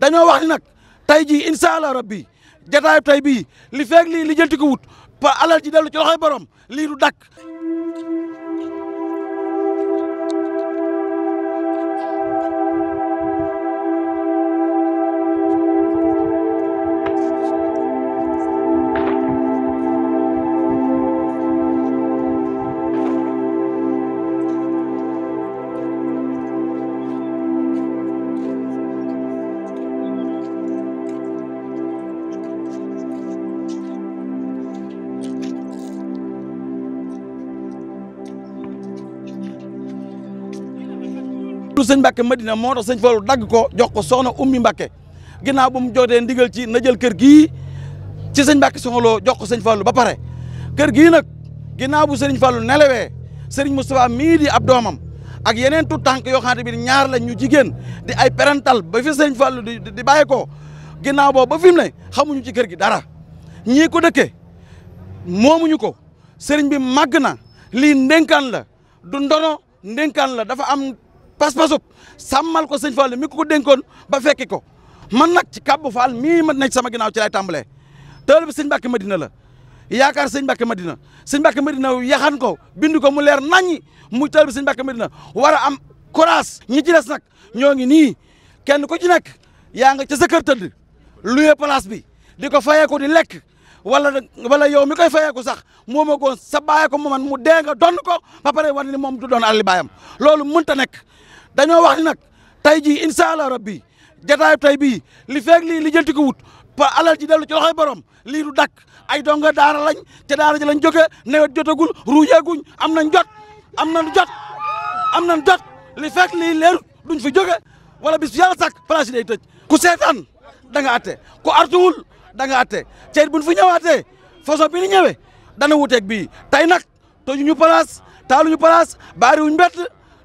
dañoo wax ni nag tey jii incha allah rabbi jataay tey bii li feeg lii li jënti ko wut ba alal ji dellu ci loxoy borom lii du dakk buntu sëñ Mbacke Madina moo tax sëñ Fallou dagg ko jox ko soxna ummi Mbacke ginnaaw bu mu jotee ndigal ci na jël kër gii ci sëñ Mbacke Soxna Lo jox ko sëñ ba pare kër gii nag ginnaaw bu sëriñ Fallou nelawee sëriñ Moustapha mii di ab doomam ak yeneen tu tànk yoo xamante bi ñaar la ñu jigéen di ay parental ba fi sëriñ Fallou di di bàyyi ko ginnaaw boobu ba fi mu ne xamuñu ci kër gi dara ñii ko dëkkee moomuñu ko sëriñ bi màgg na lii ndénkaan la du ndono ndénkaan la dafa am pas-pasub sàmmal ko sëñ Fall mi ko ko dénkoon ba fekki ko man nag ci Kabou Fall mii ma nekk sama ginaaw ci lay tàmbalee teel bi sëñ Mbàkke Madina la yaakaar sëñ Mbàkke Madina sëñ Mbàkke Madina yaxan ko bindu ko mu leer naññi mu teel bi sëñ Mbàkke Madina war a am courage ñi ci des nag ñoo ngi nii kenn ku ci nekk yaa nga ca sa kër tëdd luye place bi di ko fayee di lekk wala wala yow mi koy fayeeku sax moo ma goon sa bàyyi ko man mu dee nga donn ko ba pare wane ni moom du doon alli baayam loolu mënta nekk dañoo wax nag tey jii incha allah rabbi jataay tey bi li feeg lii li jëlti ko wut pa alal ji dellu ci loxoy borom lii du dakk ay donga daara lañ te daara ji lañ jóge nawet jotagul ruujeeguñ am nañ jot am nañ jot am nañ jot li feeg lii leerut duñ fi jóge wala bis yàlla sàkk place yi day tëj ku seetaan da nga ku artuwul da nga atte te buñ fi ñëwaatee façon bi ni ñëwee dana wuteeg bii tey nag tojuñu place taaluñu place baariwuñ mbett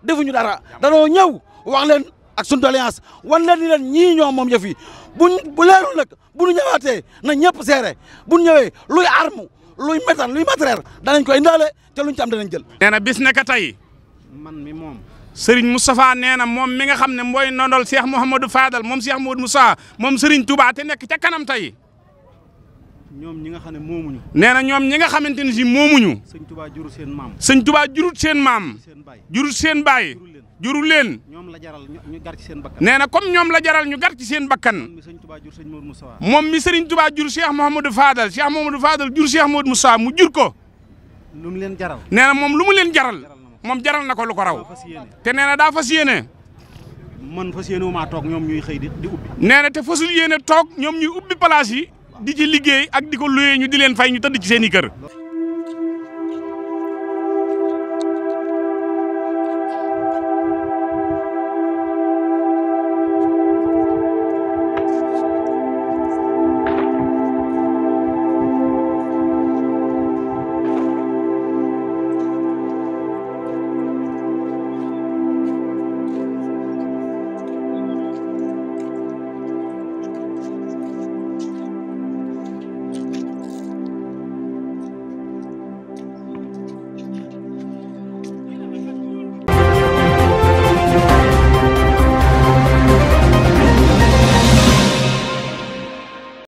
defuñu dara danoo ñëw wax leen ak suñu doléance wan leen ni leen ñii ñoom moom yëf fi buñ bu leerul nag bu ñu ñëwaatee na ñëpp seere bu ñu ñëwee luy arme luy métal luy matériel danañ ko indaale te luñ ci am danañ jël. nee na bis naka tey man mi moom. Serigne Moustapha nee na moom mi nga xam ne mooy nondol Cheikh Mouhamadou Fadal moom Cheikh Mouhamadou Moussa moom Serigne Touba te nekk ca kanam tey. ñoom ñi nga xam ne moomuñu. nee na ñoom ñi nga xamante ne si moomuñu. sëñ tubaa jurut seen maam. sëñ tubaa jurut seen maam. jurut seen baay. jurul leen. ñoom la jaral ñu gar seen bakkan. nee na comme ñoom la jaral ñu gar ci seen bakkan. moom mi sëriñ tubaa jur Cheikh Mouhamadou Fadal Cheikh Mouhamadou Fadal jur Cheikh Mouhamadou Moussa mu jur ko. lu mu leen jaral. nee na moom lu mu leen jaral. moom jaral na ko lu ko raw. te nee na daa fas yéene. man fas yéene maa toog ñoom ñuy xëy di ubbi. nee te fasul yéene toog ñoom ñuy ubbi place di ci liggéey ak di ko luyee ñu di leen fay ñu tëdd ci seen i kër.